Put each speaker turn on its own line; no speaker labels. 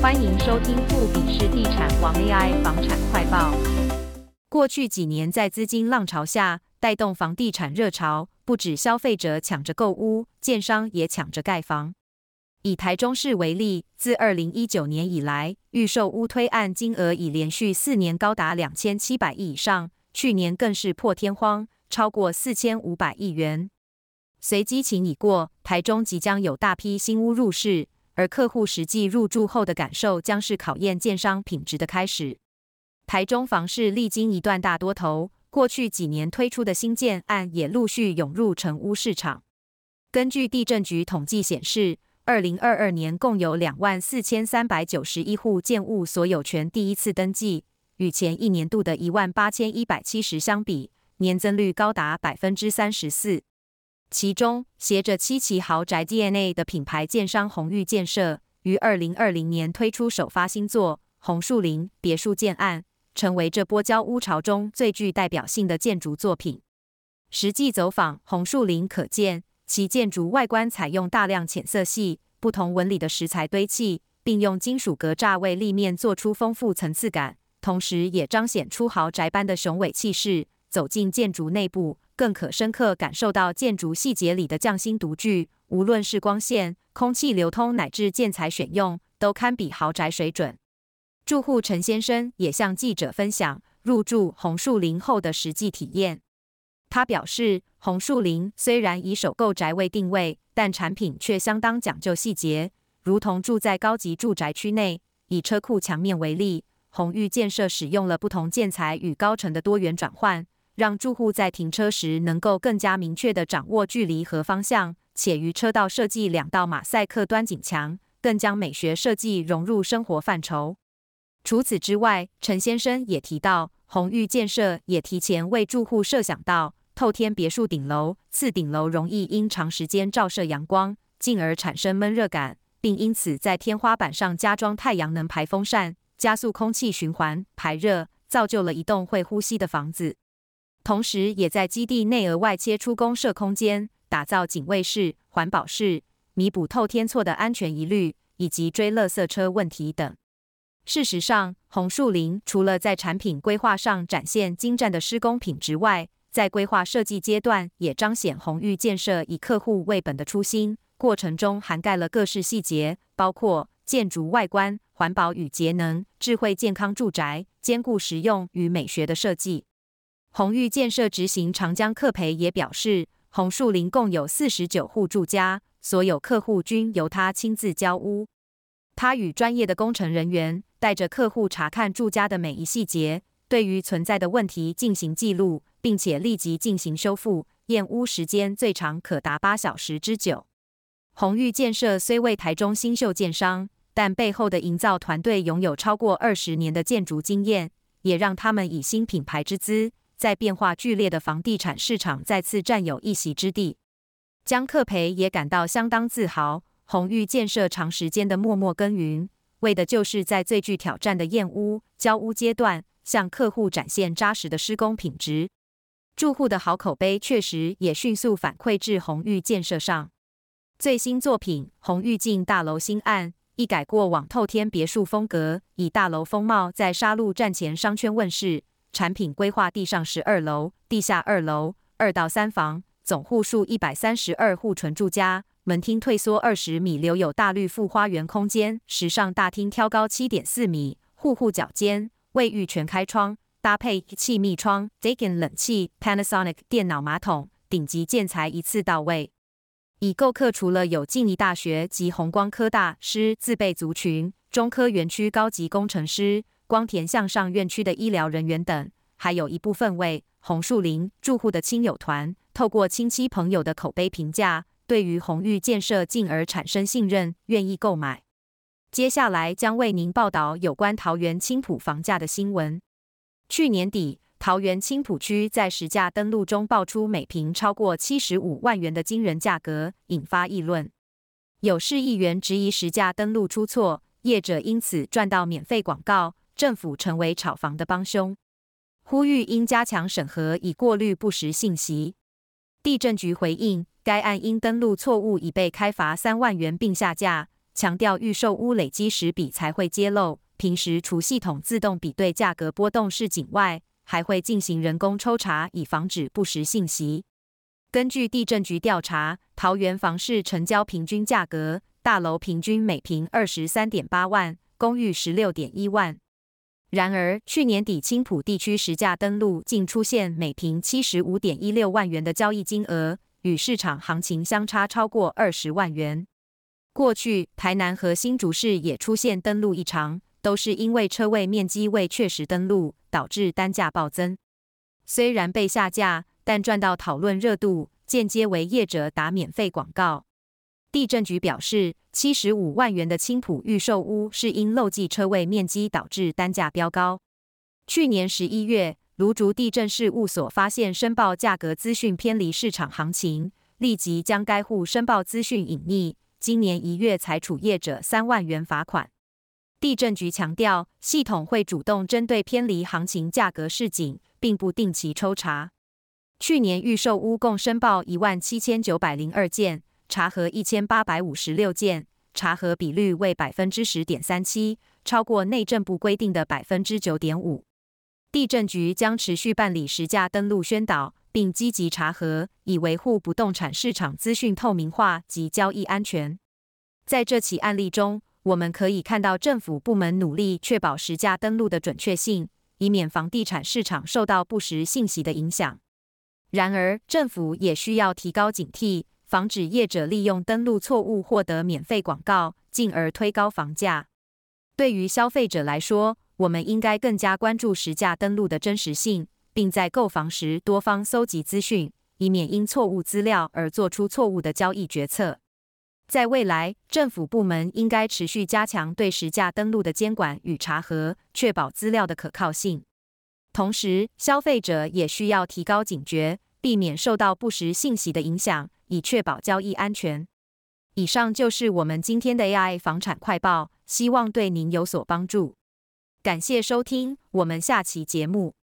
歡迎收聽富比士地產王 AI 房產快報。過去幾年，在資金浪潮下帶動房地產熱潮，不止消費者搶着購屋，建商也搶着蓋房。以台中市為例，自2019年以來，預售屋推案金額已連續四年高達2700億以上，去年更是破天荒超過4500億元。隨激情已過，台中即將有大批新屋入市。而客戶實際入住後的感受，將是考驗建商品質的開始。台中房市歷經一段大多頭，過去幾年推出的新建案也陸續湧入成屋市場。根據地政局統計顯示，二零二二年共有兩萬四千三百九十一戶建物所有權第一次登記，與前一年度的一萬八千一百七十相比，年增率高達百分之三十四。其中攜着七期豪宅 DNA 的品牌建商鴻豫建設，於二零二零年推出首發新作鴻墅林別墅建案，成為這波交屋潮中最具代表性的建築作品。實際走訪鴻墅林，可見其建築外觀採用大量淺色系、不同紋理的石材堆砌，並用金屬格柵為立面做出豐富層次感，同時也彰顯出豪宅般的雄偉氣勢。走進建築內部，更可深刻感受到建築細節裡的匠心獨具。無論是光線、空氣流通，乃至建材選用，都堪比豪宅水準。住戶陳先生也向記者分享入住鴻墅林後的實際體驗。他表示，鴻墅林雖然以首購宅為定位，但產品卻相當講究細節，如同住在高級住宅區內。以車庫牆面為例，鴻豫建設使用了不同建材與高層的多元轉換。讓住戶在停車時能夠更加明確地掌握距離和方向，且於車道設計兩道馬賽克端景牆，更將美學設計融入生活範疇。除此之外，陳先生也提到，鴻豫建設也提前為住戶設想到透天別墅頂樓、次頂樓容易因長時間照射陽光，進而產生悶熱感，並因此在天花板上加裝太陽能排風扇，加速空氣循環排熱，造就了一棟會呼吸的房子。同時，也在基地內額外切出公設空間，打造警衛室、環保室，彌補透天厝的安全疑慮以及追垃圾車問題等。事實上，鴻墅林除了在產品規劃上展現精湛的施工品質外，在規劃設計階段也彰顯鴻豫建設以客戶為本的初心。過程中涵蓋了各式細節，包括建築外觀、環保與節能、智慧健康住宅、兼顧實用與美學的設計。鴻豫建設執行長江客陪也表示，鴻墅林共有四十九戶住家，所有客戶均由他親自交屋。他與專業的工程人員帶着客戶查看住家的每一細節，對於存在的問題進行記錄，並且立即進行修復。驗屋時間最長可達八小時之久。鴻豫建設雖為台中新秀建商，但背後的營造團隊擁有超過二十年的建築經驗，也讓他們以新品牌之姿。在變化劇烈的房地產市場再次占有一席之地，江克培也感到相當自豪。鴻豫建設長時間的默默耕耘，為的就是在最具挑戰的驗屋、交屋階段，向客戶展現紮實的施工品質。住戶的好口碑確實也迅速反饋至鴻豫建設上。最新作品鴻豫境大樓新案，一改過往透天別墅風格，以大樓風貌在沙鹿站前商圈問世。產品規劃地上十二樓，地下二樓，二到三房，總戶數一百三十二戶，純住家。門廳退縮二十米，留有大綠覆花園空間。時尚大廳挑高七點四米，戶戶角間，衛浴全開窗，搭配氣密窗，Daikin 冷氣，Panasonic 電腦馬桶，頂級建材一次到位。已購客除了有靜宜大學及弘光科大師自備族群，中科園區高級工程師，光田向上院區的醫療人員等，還有一部分為鴻墅林住戶的親友團，透過親戚朋友的口碑評價，對於鴻豫建設進而產生信任，願意購買。接下來將為您報道有關桃園青埔房價的新聞。去年底，桃園青埔區在實價登錄中爆出每坪超過七十五萬元的驚人價格，引發議論。有市議員質疑實價登錄出錯，業者因此賺到免費廣告。政府成為炒房的幫兇，呼籲應加強審核以過濾不實信息。地政局回應，該案因登錄錯誤已被開罰三萬元並下架，強調預售屋累積十筆才會揭露。平時除系統自動比對價格波動市井外，還會進行人工抽查以防止不實信息。根據地政局調查，桃園房市成交平均價格，大樓平均每坪二十三點八萬，公寓十六點一萬。然而，去年底青埔地區實價登錄竟出現每坪七十五點一六萬元的交易金額，與市場行情相差超過二十萬元。過去台南和新竹市也出現登錄異常，都是因為車位面積未確實登錄，導致單價暴增。雖然被下架，但賺到討論熱度，間接為業者打免費廣告。地政局表示，七十五萬元的青埔預售屋是因漏計車位面積導致單價飆高。去年十一月，蘆竹地政事務所發現申報價格資訊偏離市場行情，立即將該戶申報資訊隱匿。今年一月裁處業者三萬元罰款。地政局強調，系統會主動針對偏離行情價格示警，並不定期抽查。去年預售屋共申報一萬七千九百零二件。查核一千八百五十六件，查核比率為百分之十點三七，超過內政部規定的百分之九點五。地政局將持續辦理實價登錄宣導，並積極查核，以維護不動產市場資訊透明化及交易安全。在這起案例中，我們可以看到政府部門努力確保實價登錄的準確性，以免房地產市場受到不實信息的影響。然而，政府也需要提高警惕。防止業者利用登錄錯誤獲得免費廣告，進而推高房價。對於消費者來說，我們應該更加關注實價登錄的真實性，並在購房時多方搜集資訊，以免因錯誤資料而做出錯誤的交易決策。在未來，政府部門應該持續加強對實價登錄的監管與查核，確保資料的可靠性。同時，消費者也需要提高警覺，避免受到不實信息的影響。以確保交易安全。以上就是我們今天的 AI 房產快報，希望對您有所幫助。感謝收聽，我們下期節目。